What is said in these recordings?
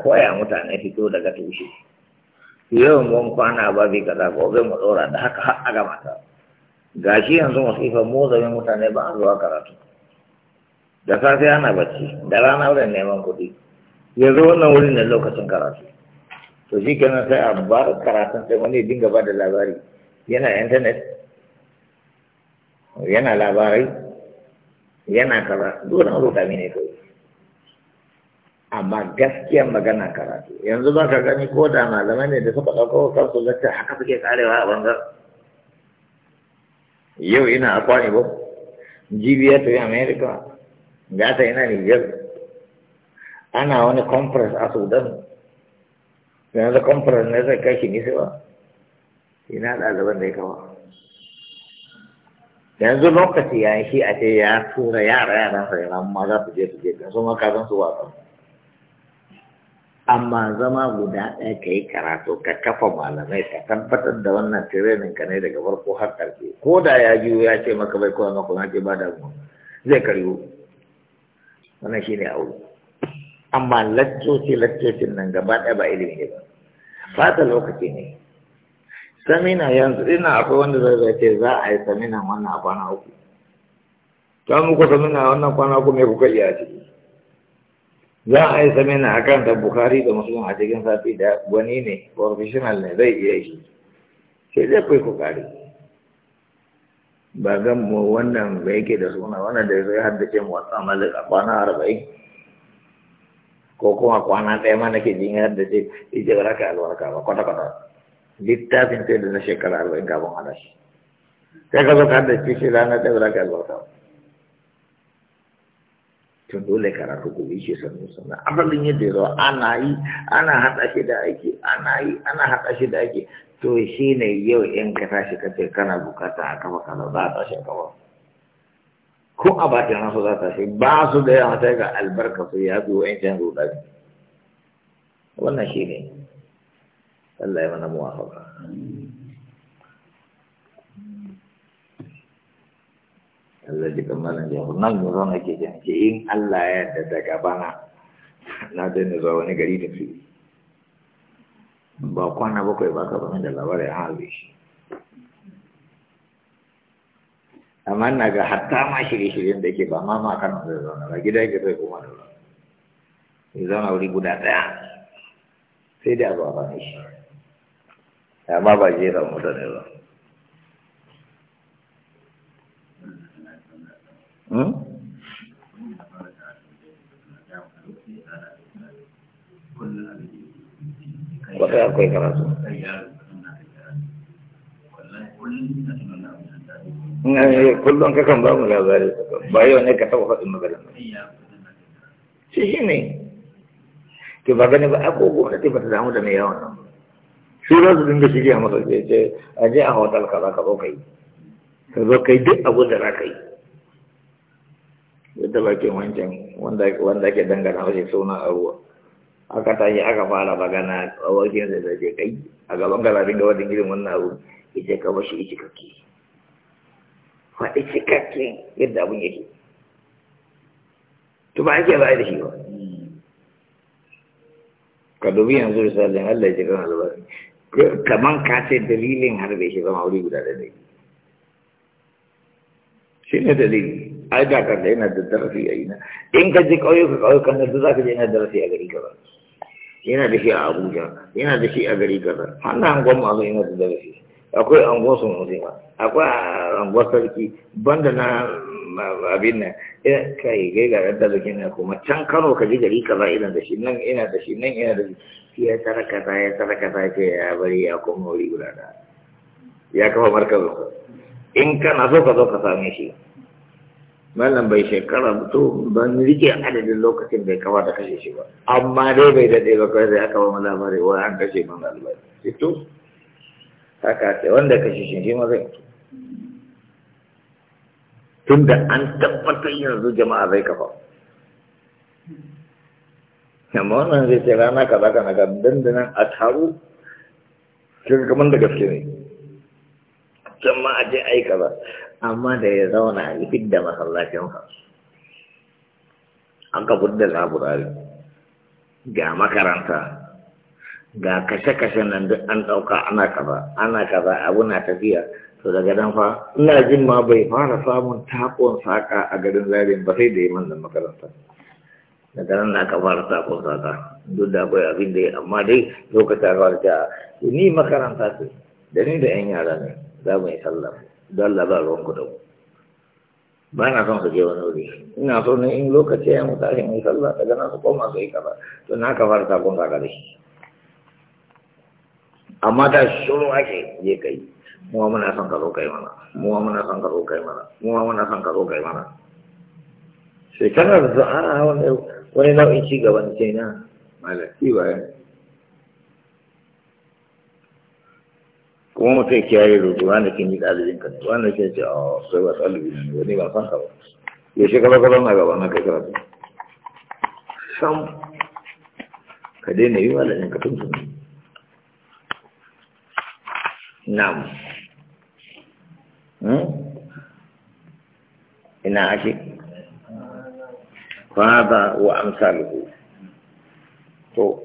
koya mutane fito daga tushe yau mun kwana ba bai kaza gobe mu dora da haka har a gama ta gashi yanzu masifar mu zame mutane ba a zuwa karatu da safe ana bacci da rana wurin neman kuɗi yanzu wannan wurin da lokacin karatu to shi kenan sai a ba karatun sai wani dinga ba da labari yana intanet yana labarai yana kaza dole an rubuta mini kawai amma gaskiyar magana karatu yanzu ba ka gani ko da malamai ne da suka ɗauko kansu lakta haka suke karewa a bangar yau ina a kwani ba jibiya ta yi america gata ina niger ana wani conference a sudan yanzu conference ne zai kai shi nisa ba ina ɗaliban da ya kawo yanzu lokaci ya shi a ce ya tura yara yaran sa yana ma za su je su je kan su ma kazan su wasan amma zama guda ɗaya ka yi karatu ka kafa malamai ka tabbatar da wannan tirenin ka ne daga farko har ƙarfe ko da ya biyu ya ce maka bai kowa maka ce ba mu zai karyo wannan shi ne aure amma lakcoci laccocin nan gaba ɗaya ba ilimi ne ba fata lokaci ne samina yanzu ina akwai wanda zai zai ce za a yi samina wannan a kwana uku ta muku samina wannan kwana uku me kuka iya ciki za a yi samina a kan da bukari da musulun a cikin safi da wani ne professional ne zai iya shi sai zai kai kokari ba gan mu wannan da yake da suna wannan da zai haddace mu wata malik a kwana arba'in ko kuma kwana ɗaya ma nake jin ya haddace ije ba ka albarka ba kwata-kwata littafin sai da na shekara arba'in kafin hada shi sai ka zo ka haddace shi ranar ɗaya ba ka albarka ba tun dole karatu ku yi shi sannu sannu asalin yadda ya zo ana yi ana hada shi da ake. ana yi ana hada shi da aiki to shi ne yau in ka tashi ka ce kana bukata a kafa kana za a tashi a kafa ko a ta nasu za ta shi ba su da yawa ta ga albarka su ya zo in can rudani wannan shi ne Allah ya mana muwafaka. Allah ji kamalan ya nan mu zauna ke jan ke in Allah ya da daga bana na ne zo wani gari da su ba kwana kai ba ka bani da labarin ya haɗe shi amma na ga hatta ma shirye-shiryen da ke ba ma ma kan da zo na gida ke zai kuma da ba zan zauna wuri guda ɗaya sai da ba ba shi amma ba jera mutane ba Hmm? Wata akwai karatu. Kullum kakan ba mu labari ba yau ne ka taɓa faɗin maganin. Shi shi ne. Ke ba gani ba ta damu da mai yawan nan. Shi su dinga shirya masa ce a je a hotel ka zo ka yi. Ka zo ka yi duk abu da za ka yi. yadda bakin wancan wanda ke dangana wasu suna abuwa aka tashi aka fara magana a wajen da zai kai a gaban galabin ga wadda girin wannan abu ita ka bashi ita kake faɗi cikakke yadda abin yake to ba ake ba da shi ba ka dubi yanzu misalin Allah ya ji kan albarka kaman ka ce dalilin bai shi zama wuri guda da dai shi ne dalilin. ai da ka na da darasi ai na in ka je ƙauyuka kan nan za ka je na da darasi a gari kaza yana da shi a abuja yana da shi a gari kaza hanna an angon mazo yana da darasi akwai angon sun ba akwai angon sarki banda na abin nan Ina eh, kai gai ga da da na kuma can kano ka ji gari kaza ina da shi nan ina da shi nan ina da shi ya tara ta ya tara ta ce ya bari ya koma wuri guda da ya kafa markazin in kana so ka zo ka same shi malam bai shekara to ban rike adadin lokacin bai kawo da kashe shi ba amma dai bai daɗe ba kawai sai aka ba mu labari wa an kashe man albari sai to haka ce wanda kashe shi shi ma zai mutu tunda an tabbatar yanzu jama'a zai kafa amma wannan zai ce rana kaza kana ga dandanan a taru kin kamar da gaske ne can ma a je a yi kaza amma da ya zauna ya fidda masallacinsa an ka fidda laburari ga makaranta ga kashe-kashe nan duk an ɗauka ana kaza ana kaza abu na tafiya to daga nan fa ina jin ma bai fara samun takon saka a garin zarin ba sai da yi manzan makaranta daga nan na ka fara takon saka duk da akwai abin da ya amma dai lokacin a ni makaranta ce da ni da 'yan yara ne za mu yi sallama don labarwan ku da ku ba na son su je wani wuri ina so ne in lokaci ya mutu shi mai sallah daga nan su koma su yi kaza to na ka fara takon kaka da shi amma ta shuru ake je kai muwa muna son ka zo kai mana muwa muna son ka zo kai mana muwa muna son ka zo kai mana shekarar da a wani nau'in ci gaban ce na malaki bayan kuma mutum kiyaye rubu wanda ke ni ɗalibin ka ne wanda ke ce a ah, sai ba ɗalibin ne wani ba san ba ya shi gaba gaba na gaba na kai karatu sam ka daina yi wa ɗalibin ka tun tun na'am hmm? ina ake fada wa amsaluhu to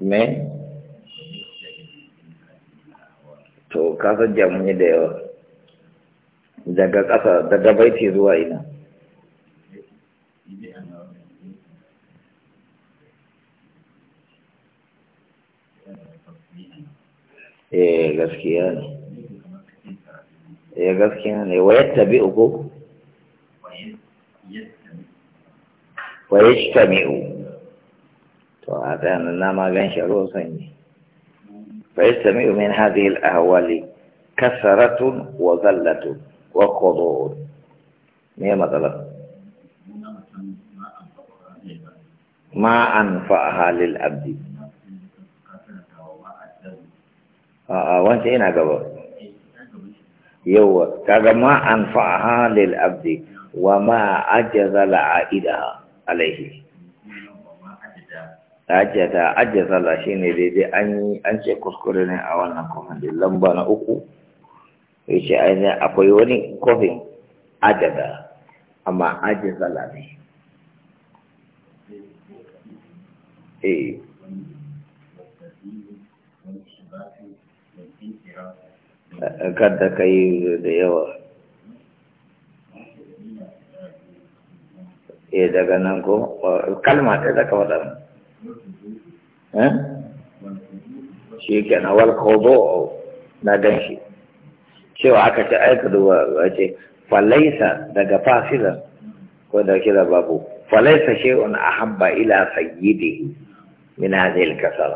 me to kasar ne da yawa daga ƙasa daga baiti zuwa ina eh gaskiya ne eh gaskiya ne wa yattabi uku wa yajtami'u to a tsayanin na magan shi ruwan sanyi فيستمع من هذه الأهوال كثرة وذلة وخضوع ما مثلا ما أنفعها للعبد آه، آه، وانت هنا إيه قبل يو كذا ما أنفعها للعبد وما أجزل عائدها عليه ajiyata ajiyata shi ne daidai an an ce kuskure ne a wannan kofin da lamba na uku ya ce ainihin akwai wani kofin ajiyata amma ajiyata ne eh kada ka yi da yawa eh daga nan ko kalma da ka faɗa Eh? shi ke na wal na cewa aka ce aika duba a ce falaisa daga fasila ko da kira babu falaisa a ahabba ila Sayyidi min hadhihi al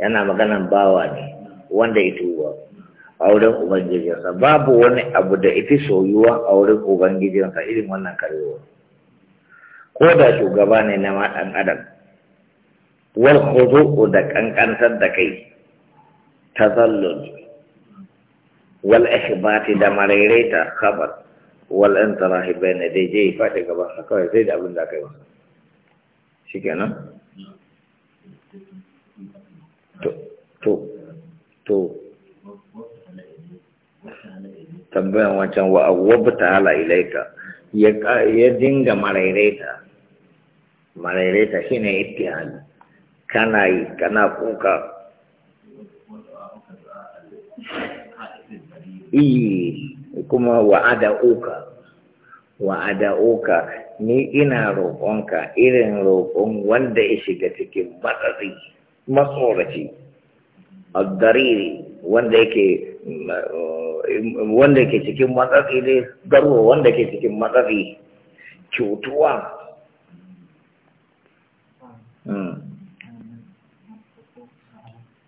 yana maganan bawa ne wanda ya tuba a wurin ubangijinsa babu wani abu da ifi soyuwa a wurin ubangijinsa irin wannan karewa ko da shugaba ne na ma adam والخضوع دك أن كان صدقي تظلل والإحباط مريريتا خبر والانطراح بين يدي فاتك بحقا يزيد أبن ذاك وصل أنا تو تو تو tambayan wancan wa awwabta hala ilaika ya dinga maraireta maraireta kana yi kana kuka iyi kuma wa'ada uka wa'ada uka ni ina roƙonka irin roƙon wanda ya shiga cikin matsari matsoraci addariri wanda yake wanda yake cikin matsatsi ne garo wanda yake cikin matsatsi cutuwa hmm.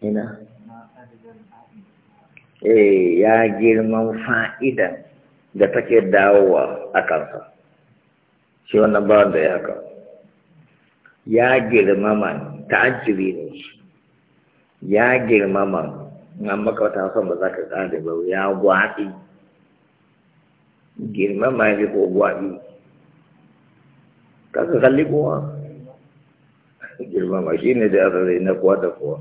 ina eh ya girman fa'ida da take dawowa a kansa shi wannan bawan da ya haka ya girmama ta'ajiri ne ya girmama nan maka wata hausan ba za ka ƙada ba ya gwaɗi girmama ya ko gwaɗi ka kalli kowa girmama shi ne da ya na kowa da kowa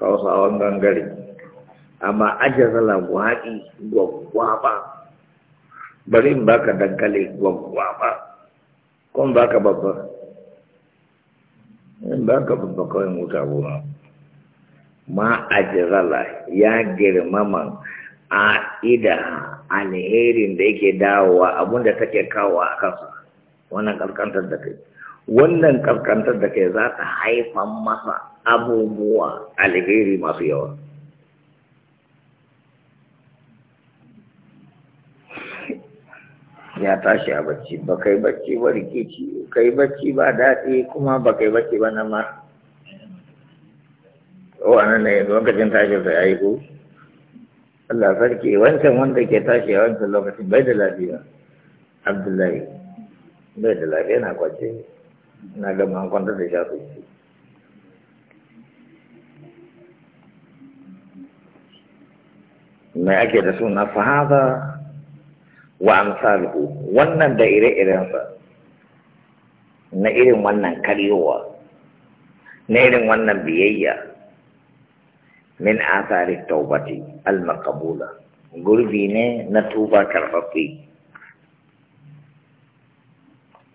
hausawan gangare amma ajazala waɗi gwaggwaba bari in baka dankali gwaggwaba kun baka babba in baka babba kawai mota goma ma ajazala ya girmama a ida alherin da yake dawowa abinda take kawo a kasu wannan kankantar da kai wannan kaskantar da kai za ta haifan masa abubuwa alheri masu yawa ya tashi a bacci ba kai bacci ba rikici kai bacci ba daɗi kuma ba kai bacci ba na ma anan ne lokacin tashi sai ai ko Allah sarki wancan wanda ke tashi a wancan lokacin bai da lafiya Abdullahi bai da lafiya na kwace naga mangkon an kwantar da shafi mai ake da suna wa amsaluhu wannan da ire-irensa na irin wannan karyowa na irin wannan biyayya min asari taubati al-maqabula gurbi ne na tuba karfafi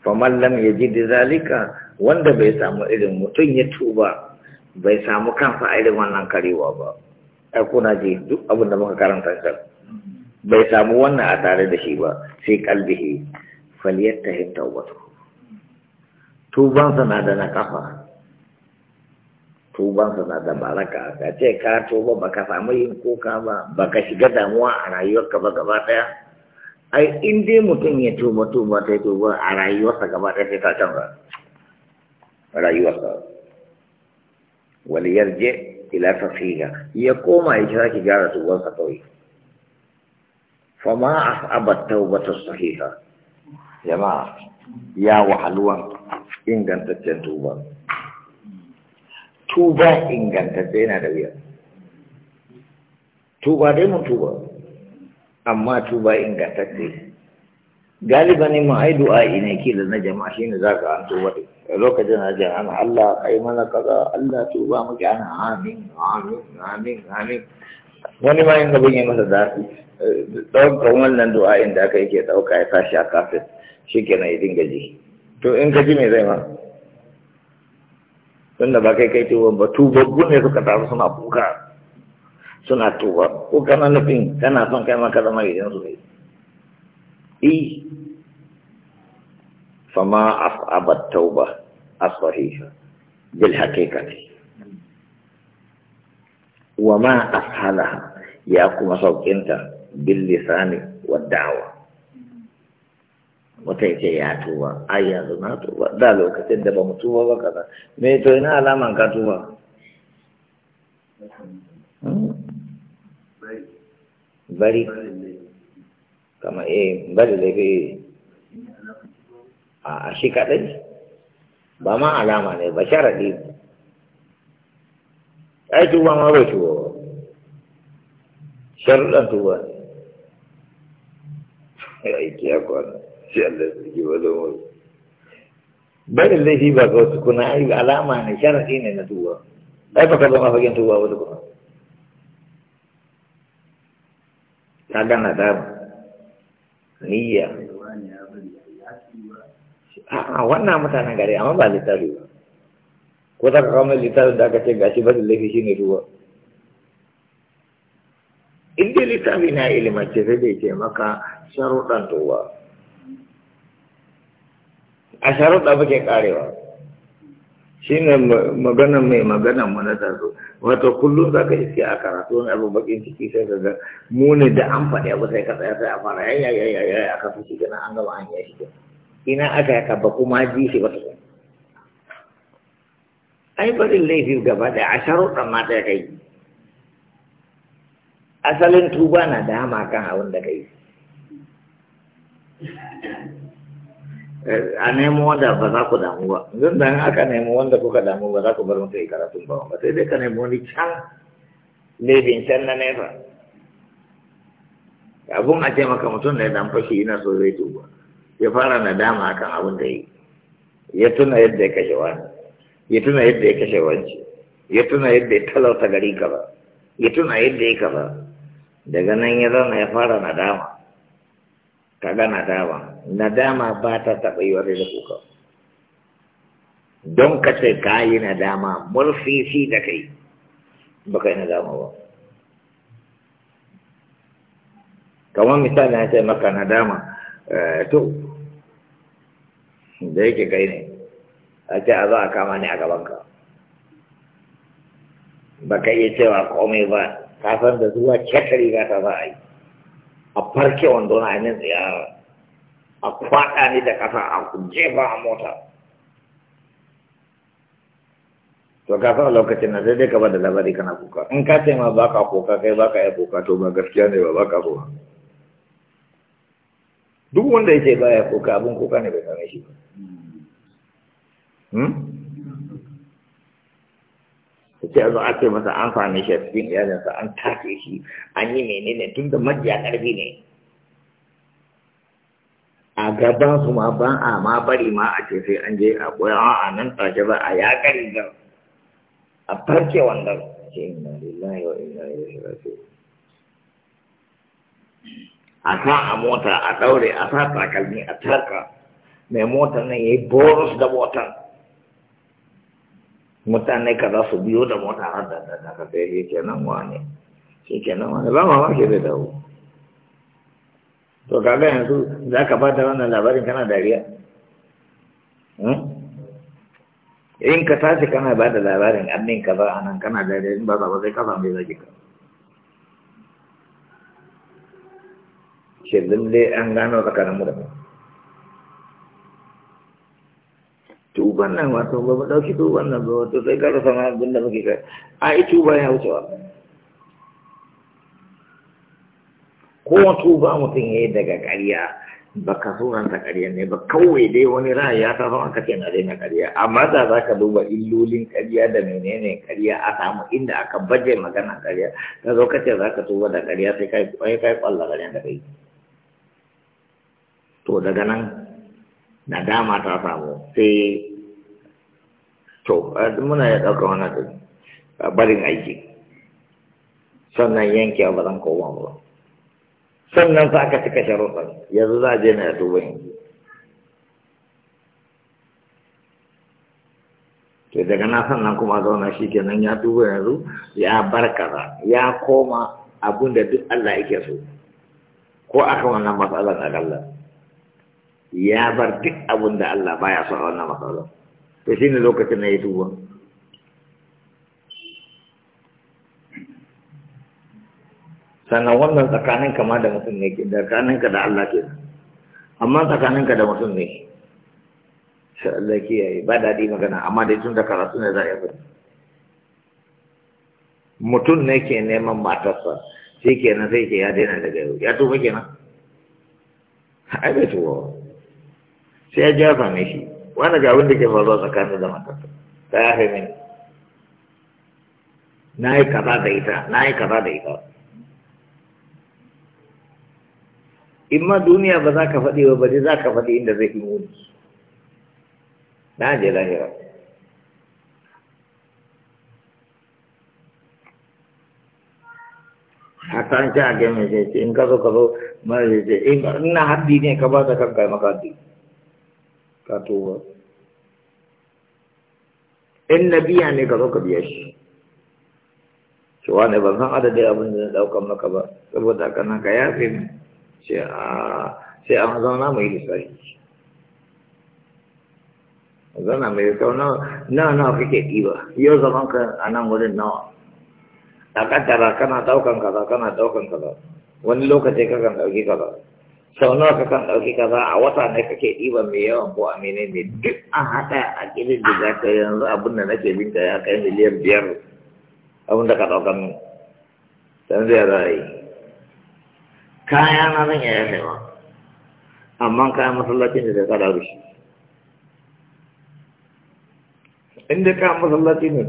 faman lam da zalika wanda bai samu irin mutum ya tuba bai samu kansa a irin wannan karewa ba ai ji duk abin da muka karanta kan bai samu wannan a tare da shi ba sai kalbihi hin tawbatu tuban na da na kafa tuban na da baraka ka ce ka tuba baka samu yin kuka ba baka shiga damuwa a rayuwarka ba gaba ɗaya. ai in dai mutum ya tuba tuba ta tuba a rayuwarsa gaba ɗaya sai ta canza rayuwarsa waliyar je ila tafiya ya koma ya kira ki gyara tubansa kawai fama as'abat taubatu sahiha jama'a ya wahaluwan ingantaccen tuba tuba ingantacce yana da wuya tuba dai mun tuba amma tuba ingantacce galiba ne ma ai du'a'i ne ke da na jama'a shine zaka an tuba lokacin na ji ana Allah kai mana kaza Allah tuba muke ana amin amin amin amin wani ma inda bin yi masa zafi ɗaukar wannan du'a inda aka yake ɗauka ya tashi a kafin shi kenan na yi ji to in ka ji me zai ma tunda ba kai kai tuban ba tubabbu ne suka tafi suna kuka suna tuba ko kana nufin kana son kai maka zama gidan su ne i fama abad tauba as-sahiha bil haqiqati wa ma asalaha ya kuma saukinta bil lisani wa da'wa mutum ce ya tuba ai yanzu na tuba da lokacin da ba mu tuba ba kaza me to ina alaman ka tuba bari kama eh bari da bi a shi kadai ba ma alama ne ba sharadi ai tuba ma bai tuba sharuɗan tuba ne aiki ya kwana shi Allah ya tsaki ba zama barin laifi ba ga wasu kuna alama ne sharadi ne na tuba ai ba ka zama fagen tuba wata kuma ka gana dama niyya a wannan mutanen gari amma ba littafi ba ko ta kawo mai littafin da aka ce gashi ba da laifi shi ne ruwa in dai littafi na ilimance sai dai ce maka sharuɗan tuwa a sharuɗa muke karewa shi ne magana mai magana mu na tazo wato kullum za ka iske a karatu wani abu bakin ciki sai ka ga muni da an faɗi abu sai ka tsaya sai a fara yaya yaya yaya aka fi shi na an gama an yi shi ina aka yaka ba kuma ji shi ba ta kuma ai barin laifin gaba da a sharo ɗan mata ya kai asalin tuba na dama kan abin da kai Eh, a nemo wanda ba za ku damu ba zan da aka nemo wanda kuka damu ba za ku bar mutu karatun ba ba sai dai ka nemo ni can laifin can na nefa? abun a ce maka mutum da ya dan fashi ina so zai tuba ya fara nadama akan abun da yi ya tuna yadda ya kashe wani ya tuna yadda ya kashe wanci ya tuna yadda ya talauta gari kaza ya tuna yadda ya kaza daga nan ya zama ya fara nadama kaga nadama nadama ba ta taɓa yi wani da kuka don ka ce ka yi nadama murfifi da kai ba ka yi nadama ba kamar misali na ce maka nadama eh, to da yake kai ne a ce a za a kama ne a gabanka ba ka iya cewa komai ba kafin da zuwa cetari riga ta za a yi a farke wando na ainihin ziyara, a kwaɗa ni da ƙasa a jefa a mota to ka san lokacin na sai dai ka bada labari kana kuka in ka ce ma baka kuka kai baka yi kuka to ba gaskiya ne ba baka so duk wanda yake ya kuka abin kuka ne bai same shi ba hmm? sai a zo ake masa an shi a cikin iyalinsa an tafe shi an yi menene tun da majiya ƙarfi ne a gaban su ma ban a ma bari ma a ce sai an je a koya a nan tsarki ba a ya kari da a farke wanda. ce na lillahi wa inna ilaihi raji'un a sa a mota a ɗaure a sa takalmi a tarka mai motar nan ya yi boros da motar mutane ka za su biyo da mota har da da daga sai shi kenan wane shi kenan wane ba mamaki zai dawo to kaga yanzu za ka ba da wannan labarin kana dariya hmm? in ka tashi kana ba da labarin annin ka ba anan kana dariya in ba ba sai ka samu zaki ka shi lalle an gano tsakanin mu da mu tuban nan wato ba mu ɗauki tuban nan ba wato sai ka sama ma muke kai a yi tuba ya wucewa ko tuba mutum ya daga ƙarya ba ka sunanta ƙarya ne ba kawai dai wani ra'ayi ya ta zama kace na daina ƙarya amma da za ka duba illolin ƙarya da menene ƙarya a samu inda aka baje magana ƙarya ka zo kace za ka tuba da ƙarya sai kai kai kai ƙwalla ƙarya da kai to daga nan nadama ta samu sai to eh, muna ya ɗauka wannan a barin aiki sannan yanke ba zan koma ba sannan za ka cika sharuɗan yanzu za a je na ya tuba yanzu to daga na sannan kuma zauna shi kenan ya tuba yanzu ya bar kaza ya koma abin da duk Allah yake so ko aka wannan matsalar a Allah ya bar duk abin da Allah baya so a wannan matsalar to shine lokacin na ya duba sannan wannan tsakanin kama da mutum ne ke tsakaninka da Allah ke amma tsakaninka da mutum ne sha Allah kiyaye ba daɗi magana amma dai tun da karatu ne za a yi mutum ne ke neman matarsa shi kenan sai ke ya daina daga yau ya tuba kenan ai bai tuba sai ya jafa mai shi wani ga abin da ke faruwa tsakanin da matarsa ta ya fi mini na yi kaza da ita na yi kaza da ita in ma duniya ba za ka faɗi ba baje za ka faɗi inda zai yi muni na je lahira haka an ci a game ce in ka zo ka zo mara ce in na haddi ne ka ba ta kanka maka haddi ka tuba in na biya ne ka zo ka biya shi cewa ne ban san adadin abin da na daukan maka ba saboda haka nan ka yafe ne sai an zauna mai lissafi zauna mai kyau na, nawa kake ɗiba yau zaman ka a nan wurin nawa a ƙaddara kana ɗaukan kaza kana ɗaukan kaza wani lokaci kakan ɗauki kaza sau nawa ka kan ɗauki kaza a wata ne kake ɗiban mai yawan ko a mene ne duk an haɗa a ƙirin da za ka yanzu abin da nake bin ka ya kai miliyan biyar abin da ka ɗauka min san zai yi kaya na zan iya yasewa amma kayan masallacin da ka da shi inda kayan masallaci ne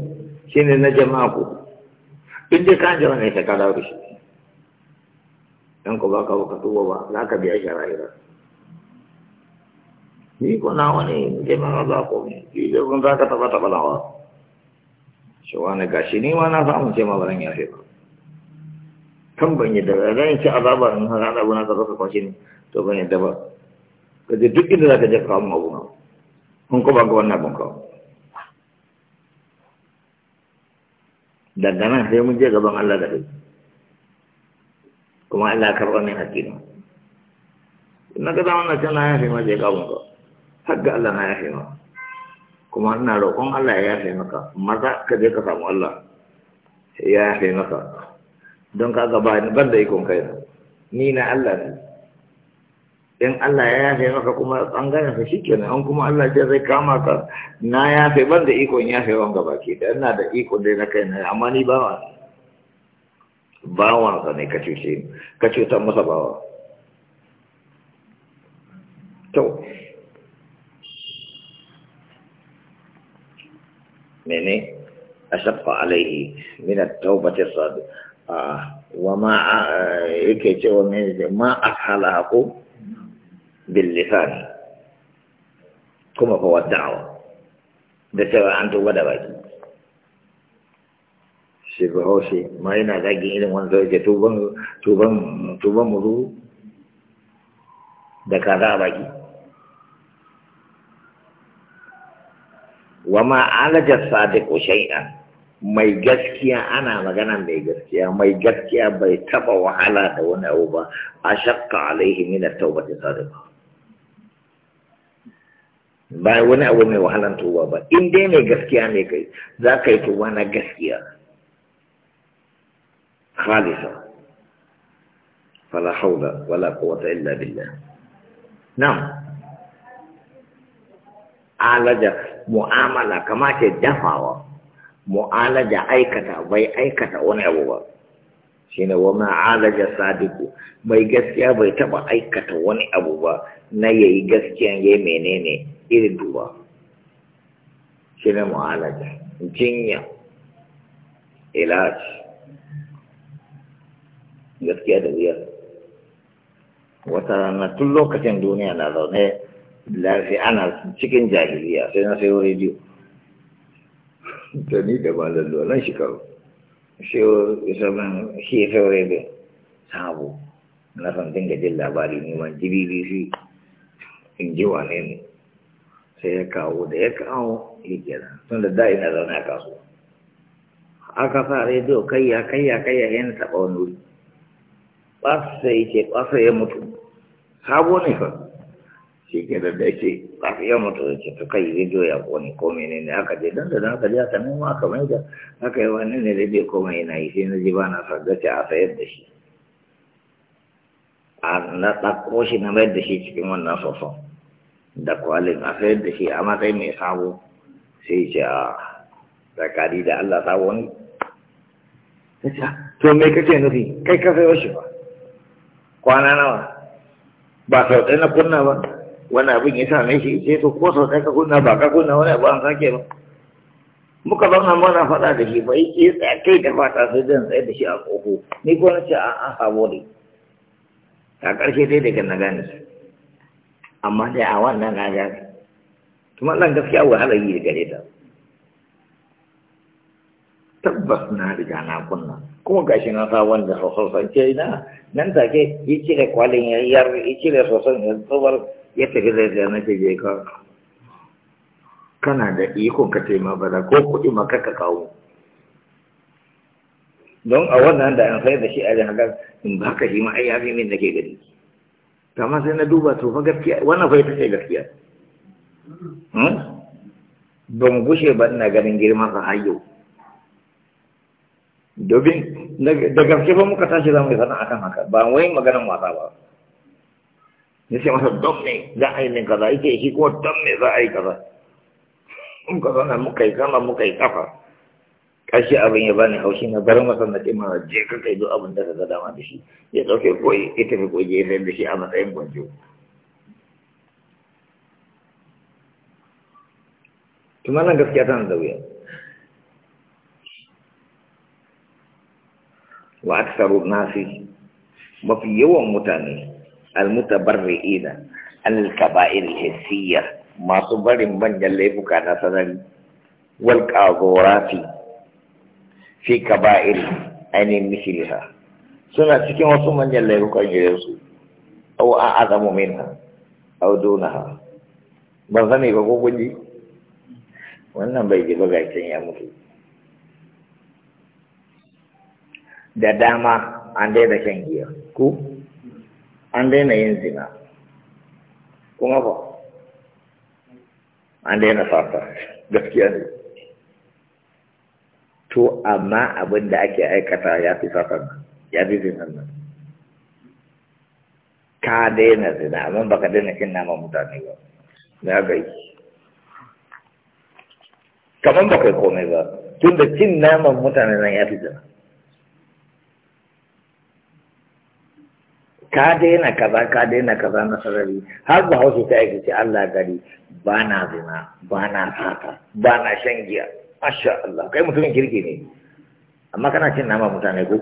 shi ne na jama'a ko inda kayan jama'a ne ka da shi in ku baka baka tuba ba za ka biya shara'ira ni ko na wani ke mana za ku ki da kun za ka taba taba nawa shi wani gashi ni ma na samu ce ma baran ya fi ba kan ban yadda ba zan ci azaba in har ana gona ka zaka kwashi ne to ban yadda ba ka je duk inda za ka je ka kawo mu abu na kun ko ban ga wannan ban kawo daga nan sai mun je gaban Allah da kai kuma Allah karɓa min hakina na ga zaman na can na yafe ma je kawo ka har Allah na yafe ma kuma ina roƙon Allah ya yafe maka maza ka je ka samu Allah ya yafe maka don ka ni ban da ikon kai ni na Allah ne in Allah ya yafe maka kuma an ka shi kenan, an kuma Allah ce zai kama ka na yafe ban da ikon yafe wanga baki da ina da iko dai na kai na amma ni ba wa bawansa ne ka cuce ka cutar masa bawa to mene أشق عليه من التوبة الصادقة آه وما يكيت وما أكحله باللسان كما هو الدعوة بسبب أن توبة shi bahaushe ma yana zagin irin wani zarge tuban muru da kaza a baki wa ma'alajar sadiku shai'an mai gaskiya ana magana mai gaskiya mai gaskiya bai taba wahala da wani abu ba a shakka alaihi mina taubatin taubati ba wani abu mai wahalan tuba ba in dai mai gaskiya ne kai za ka yi tuba na gaskiya خالصة فلا حول ولا قوة إلا بالله نعم عالج معاملة كما تدفع معالج أيكة بي أيكة ونعبوا shine wa ma sadiku mai gaskiya bai taba aikata wani abu ba na yayi gaskiyan yayi menene irin duba shine mu'alaja jinya ilaji gaskiya da wuya wata rana tun lokacin duniya na zaune lafi ana cikin jahiliya sai na sayo rediyo da ni da ba lallo nan shekaru shi ya sayo rediyo sabo na san dinga jin labari neman gbc in ji wane ne sai ya kawo da ya kawo ya gina tun da da ina zaune a kasuwa aka sa rediyo kayya kayya kayya yana taɓa wani wuri ƙwasa yake ƙwasa ya mutu sabo ne fa shi ke da da yake ƙwasa ya mutu yake to kai rediyo ya kone ko mene ne aka je don da don aka je aka nemo aka mai da aka yi wani ne da bai koma yana yi sai na ji ba na sargace a sayar da shi a na ɗakko shi na mayar da shi cikin wannan soson da kwalin a sayar da shi a matsayin mai sabo sai ce a tsakari da Allah sabo ne ta ce to me kake nufi kai ka sayo shi ba kwana nawa ba sau ɗaya na kunna ba wani abin ya same shi sai to ko sau ɗaya ka kunna ba ka kunna wani abu an sake ba muka ban zauna na faɗa da shi ba yake tsakai da fata sai zan tsaye da shi a ƙofo ni ko na ce a an samu ne a ƙarshe dai daga na gane su amma dai a wannan na gane kuma ɗan gaskiya wahala yi da gare ta tabbas na riga na kunna kuma gashi na sa wanda sosan ce na nan take yi cire kwalin ya yar yi cire sosan ya tsobar ya tafi zai zai na ce je ka kana da ikon ka ce ma da ko kuɗi ma ka kawo don a wannan da an sai da shi a jihar haka in ba ka shi ma ai yafi min da ke gani ma sai na duba to fa gaskiya wannan fa ita ce gaskiya hmm? ban gushe ba ina ganin girman sa har yau Dobin da gaske ba muka tashi zamu mu akan haka ba wai maganan wasa ba ya sai masa don ne za a yi min kaza yake shi kuma don ne za a yi kaza in ka zauna muka yi kama muka yi kafa kashi abin ya bani haushi na bar masa na ce mana je ka kai duk abin da ka ga dama da shi ya dauke koyi ita tafi koyi ya da shi a matsayin gwanjo tumanin gaskiya tana da wuya وأكثر الناس ما في يوم متاني المتبرئين عن الكبائر الحسية ما تبر من جلب كان سنن والكاظورات في كبائر أين مثلها سنة سكين وصم من جلب كان جلسو أو أعظم منها أو دونها بظني بقوة جي وأنا بيجي بقى يا مثل da dama an daina shan giya ku an daina yin zina kuma ba an daina fata gaskiya ne to amma abin da ake aikata ya fi fata ya fi zina nan ka daina zina amma baka daina cin nama mutane ba na gai kamar baka komai ba tun da cin naman mutane nan ya fi zina ka daina kaza ka daina kaza na sarari har ba hausa ta aiki ce Allah gari ba na zina ba na fata ba na shan giya masha Allah kai mutumin kirki ne amma kana cin nama mutane ko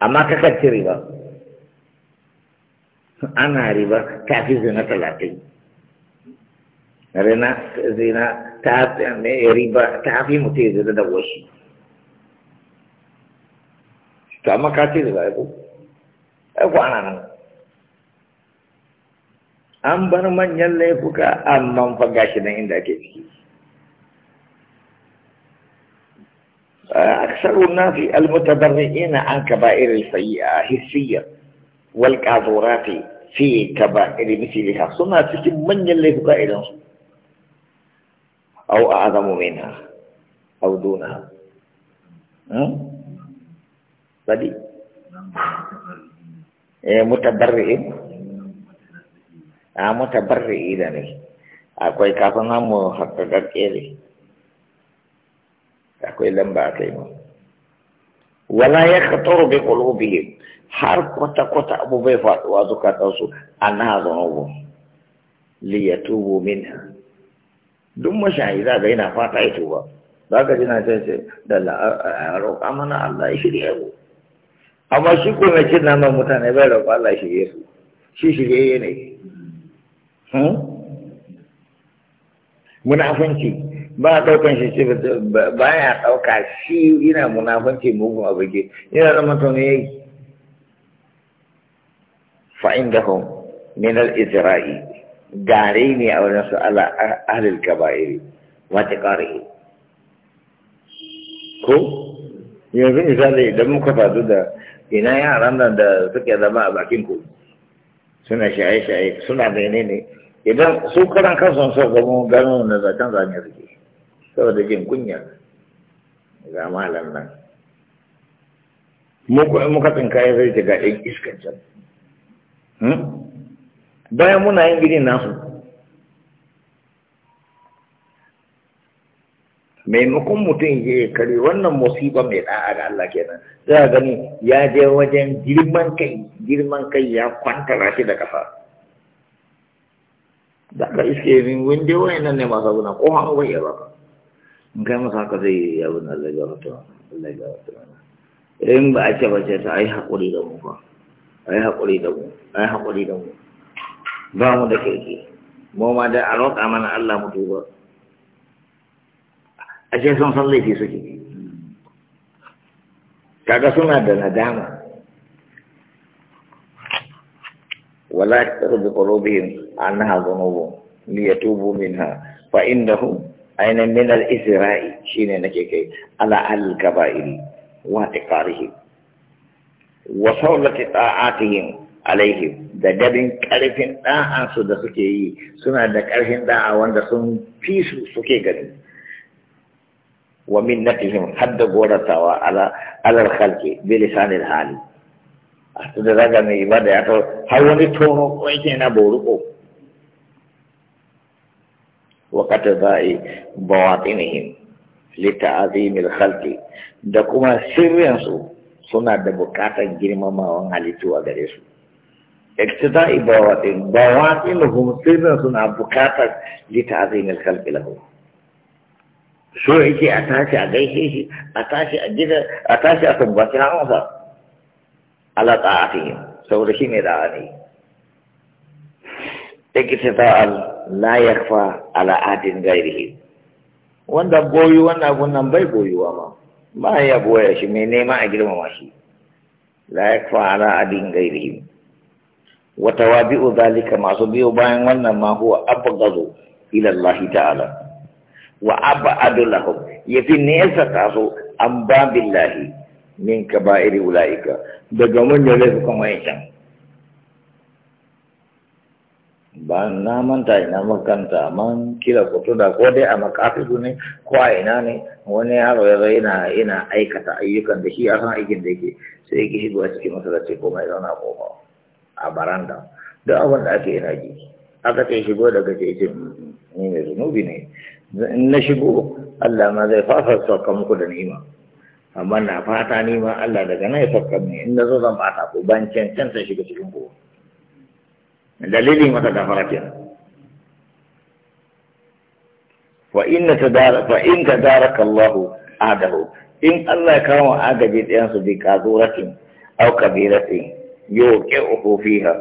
amma ka kacce riba ana riba ta fi zina talatin rina zina ta fi riba mutum zina da wasu sama kasih lah itu. Aku anak-anak. Ambar manyan laifuka amman fagashi nan inda ake أكثر الناس المتبرئين عن كبائر السيئة حسية والكاظورات في كبائر مثلها سنة تكون من يلي كبائر أو أعظم منها أو دونها tadi eh mutabarri'in ah mutabarriin da ne akwai kafin mu haƙaƙaƙe ne akwai lamba a kai wala ya katoro bi qulubihim har kwata kwata abu bai faɗuwa zukatansu annaha zanubu li yatubu minha duk mashayi za ga yana fata ya tuba za ka ji na ce da roƙa mana Allah ya shirya mu amma shi ko mai cin naman mutane bai roƙo Allah shirye su shi yi ne hmm? munafanci ba a ɗaukan shi ce ba ya ɗauka shi yana munafanci mugun abu ke yana zama to ne yayi fa'in da hon min al-izra'i gare ne a wurin su ala ahlul kaba'iri wata ƙari ko yanzu misali idan muka faɗu da ina yaran nan da suke zama a bakin ku suna shaye-shaye suna da ne idan su karan kansu sun gano gano na zakan zanya suke saboda jin kunya ga malam nan muka tinka ya zai ga ɗin iskan can hmm? bayan muna yin gini nasu maimakon mutum ya yi kare wannan musiba mai da'a ga Allah kenan za a gani ya je wajen girman kai girman kai ya kwanta shi da kafa da ka iske wani dai wani nan ne masu abu na ko hannu bai yaba ka in kai masa haka zai yi abin da zai Allah ya in ba a ce ba ce ta ai haƙuri da mu fa ai haƙuri da mu ai haƙuri da mu ba mu da kirki mu ma da a roƙa mana Allah mu ba. ashe sun san laifi suke kaga suna da nadama wala tarbi qulubihim annaha dhunubun li yatubu minha fa innahum aina min al-isra'i shine nake kai ala al-kaba'iri wa tiqarihim wa sawlati ta'atihim alaihim da dabin karfin da'ansu da suke yi suna da karfin da'a wanda sun fi su suke gani ومنتهم حد غورتا على على الخلق بلسان الحال أتو دراجة من إبادة أتو هوني تونو كويتنا بورو وقت ذاي بواطنهم لتعظيم الخلق دكما سرينسو سنة دبكاتا جرما ما وانغالتو أغريسو اقتداء بواطن بواطنهم سرينسو نبكاتا لتعظيم الخلق لهم so yake a tashi a gaishe shi a tashi a gida a tashi a tumbaci hawansa ala ta'atihim saboda shi ne da'a ne iktita'al la ya fa adin gairi wanda goyi wannan gunan bai boyuwa ma ba ya goya shi mai nema a girmama shi la yakfa ala adin gairihi wa bi'u zalika masu biyo bayan wannan ma huwa abu gazo ilallahi ta'ala wa aba lahum yafi nesa taso an billahi min kaba'iri ulaika daga manyan laifukan can ba na manta ina makanta man kila kuto da ko dai a makafisu ne ko a ina ne wani yaro ya zai ina yana aikata ayyukan da shi a san aikin da yake sai yake a cikin masarace ko mai zauna ko a baranda da abin da ake yana ji aka ce shigo daga ke ce ni mai zunubi ne نشبو الله ما ذي فاف سوق مقول نيما أما نفاتا نيما الله ده كنا يفكر مني إن ذا ذا ما تابو بانشين شن سيشيك سيشيكو دليلي ما تدا فرقين وإن تدار فإن تدارك الله عاده إن الله كرم عاد جيت ينسو بكاذورة أو كبيرة يوقعه فيها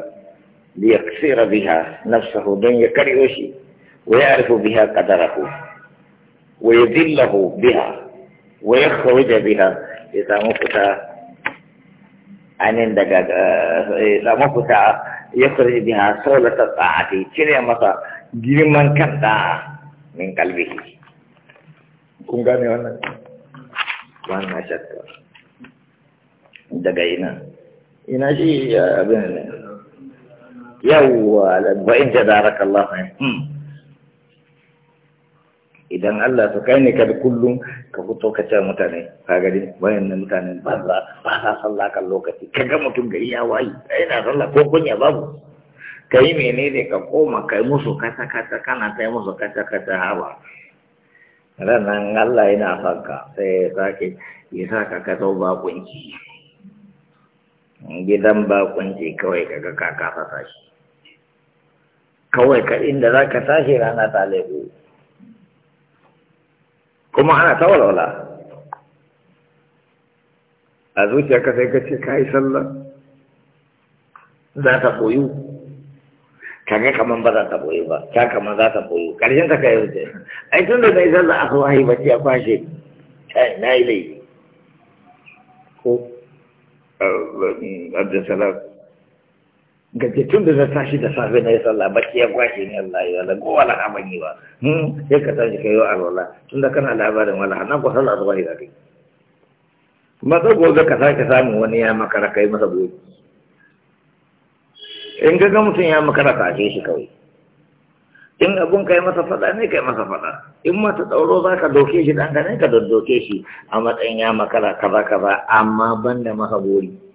ليكسر بها نفسه دنيا كريوشي ويعرف بها قدره ويذله بها ويخرج بها إذا مفتى عن إذا مفتع يخرج بها سولة الطاعة كده متى جرمان كتا من قلبه kun gane وانا wannan shakka daga ina شيء يا abin yawwa bayan jazarak Allah idan Allah su kai ne kada kullum ka fito ka ce mutane ka gari bayan nan mutanen ba za ba sallah kan lokaci ka ga mutum gari ya wayi yana sallah ko kunya babu ka yi menene ka koma kai musu kasa-kasa kana ta yi musu kasa-kasa hawa ranan Allah yana son sai ya sake ya sa ka ka bakunci gidan bakunci kawai kaga ka kasa tashi kawai ka inda za ka tashi rana ta kuma ana ta walwala a zuciya ka sai ka ce ka yi sallah za ta boyu kaga kaman ba za ta koyu ba ta kaman za ta koyu ƙarshen ta kai wuce ai tun da yi sallah a so ahi bacci a kwashe kai na yi laifi ko eh, abdulsalam gaje tun da zai tashi da safe na ya sallah bacci ya kwashe ne Allah ya da ko wala amani ba hmm ya ka tashi kai wa alwala tun da kana labarin wala na ko sallah zuwa da kai maza gobe ka sake samu wani ya makara kai masa gobe in ga ga mutum ya makara ka ce shi kawai in abun kai masa fada ne kai masa fada in ma ta dauro za ka doke shi dan ka ne ka doke shi a matsayin ya makara kaza kaza amma banda masa gobe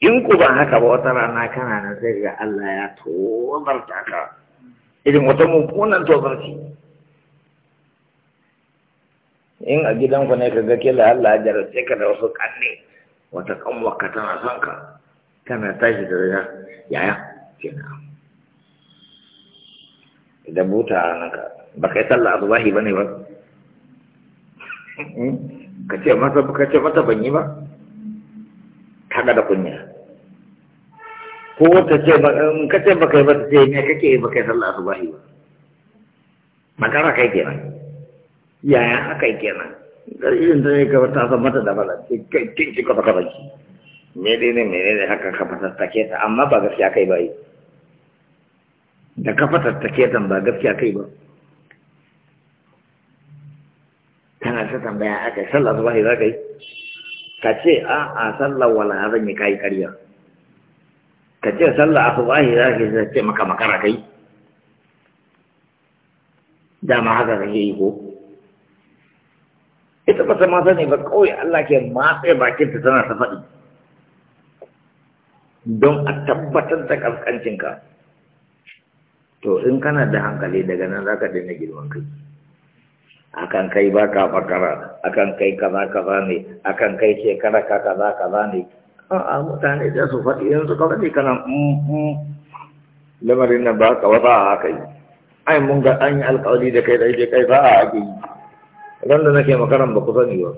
in ku ba haka ba wata rana kana nan sai ga Allah ya ta ka irin wata mummunan tozarci in a gidanku ne ka ga kila Allah ya sai ka da wasu kanne wata kanwaka tana son ka kana tashi da ya yaya kenan idan buta nan ka ba kai sallah azubahi bane ba hmm? ka ce masa ka ce mata ban yi ba haka da kunya ko ta ce in ka ce baka yi ba ta ce me kake baka yi sallah asubahi ba magana kai kenan yaya haka kenan da irin da ka ta san mata da bala ce kai kin ki kafa kafa ki me dai ne me ne haka ka fata take ta amma ba gaskiya kai ba yi da ka fata take ta ba gaskiya kai ba tana ta tambaya akai sallah asubahi za ka yi ka ce a a sallar wala zan yi kai karya ka ce sallar fubahi za ka ce maka makara kai dama haka kake yi ko ita ba ta ma sani ba kawai Allah ke matsaye bakin ta tana ta faɗi don a tabbatar da ƙarƙancinka to in kana da hankali daga nan za ka daina girman kai akan kai ba ka bakara akan kai kaza kaza ne akan kai shekara ka kaza kaza ne a'a mutane da su faɗi yanzu ka faɗi kana mm, mm. lamarin nan ba ka wata a haka yi ai mun ga an yi alƙawari da kai da ake kai ba a ake yi ran da nake makaran ba ku sani ba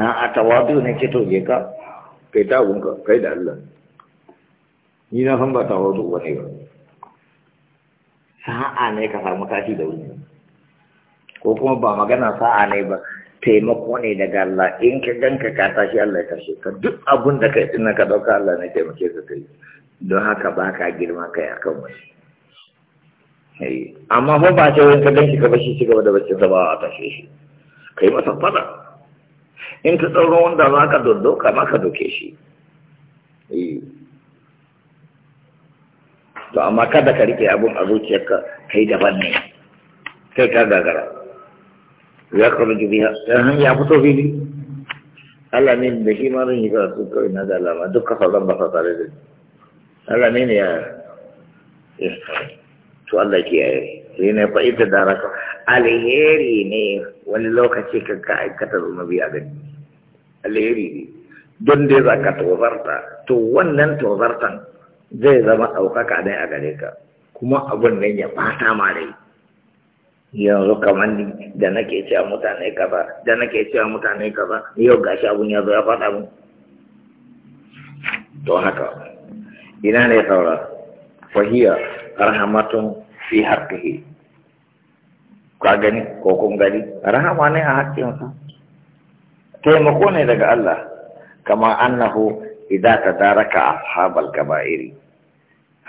a tawadu ne ke toge ka kai ta ka, kai da Allah ni na san ba tawadu ba ne ba sa'a ne ka samu kashi da wuri ko kuma ba magana sa'a ne ba taimako ne daga Allah in ka ganka ka tashi Allah ya tashi ka duk abun da kai tunan ka dauka Allah ne taimake ka kai don haka ba ka girma kai kan wasu amma ko ba ce wani ka ganshi ka bashi ci gaba da bacci ba a tashi shi kai masa fada in ka tsaro wanda za ka dodoka ma ka doke shi to amma kada ka rike abun a zuciyarka kai daban ne kai ka gagara ya kuru biya dan ya fito fili Allah ne da shi ma zan yi karatu kawai na da alama duk kafa zan ba tare da Allah ne ya to Allah ke yayi sai ne fa ita da raka alheri ne wani lokaci ka ka aikata zunubi a gani alheri ne don dai za ka tozarta to wannan tozartan zai zama ɗaukaka ne a gare ka kuma abun nan ya fata ma dai. yanzu kamar ni da nake cewa mutane ba da nake cewa mutane ba yau gashi abun ya zo ya faɗa mu. to haka ina ne saura fahiya rahmatun fi haqqihi ka gani ko kun gani rahama ne a haƙƙinsa taimako ne daga Allah kama annahu idza tadaraka ashabal kaba'iri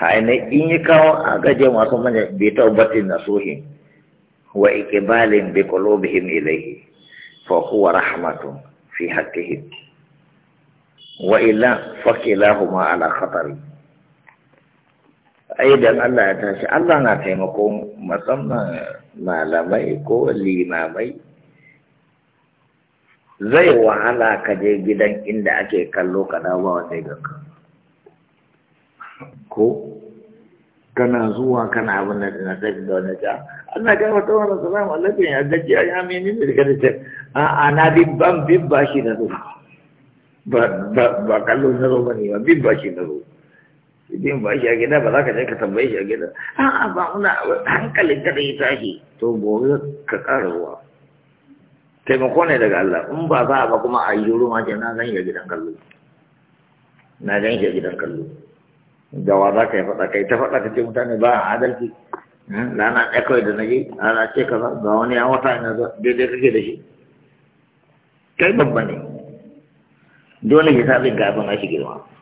ha ne in yi kawo a gaje masu manya bai taubatin nasuhi wa ikbalin bi qulubihim ilayhi fa huwa rahmatun fi haqqihim wa illa fakilahuma ala khatar aidan Allah ya tashi Allah na taimako musamman malamai ko limamai zai wahala ka je gidan inda ake kallo ka dawo sai ka ko kana zuwa kana abin da na tafi da wani ja Ana ga ta wannan salamu alaikum ya gaji ya yi mini da daga da a na bibban bibba shi na zo ba kallo na zo bane ba bibba shi na zo Bin ba shi a gida ba za ka je ka tambaye shi a gida a'a ba muna hankalin ta da ya tashi to bori ka ƙara ruwa taimako ne daga Allah in ba za a ba kuma a yi ruwa ce na zan iya gidan kallo na zan iya gidan kallo da wa za ka yi faɗa kai ta faɗa ka ce mutane ba adalci da ɗaya kawai da na yi na ce kaza ga wani ya wata ina zo daidai kake da shi kai babba ne dole hisabin ga na shi girma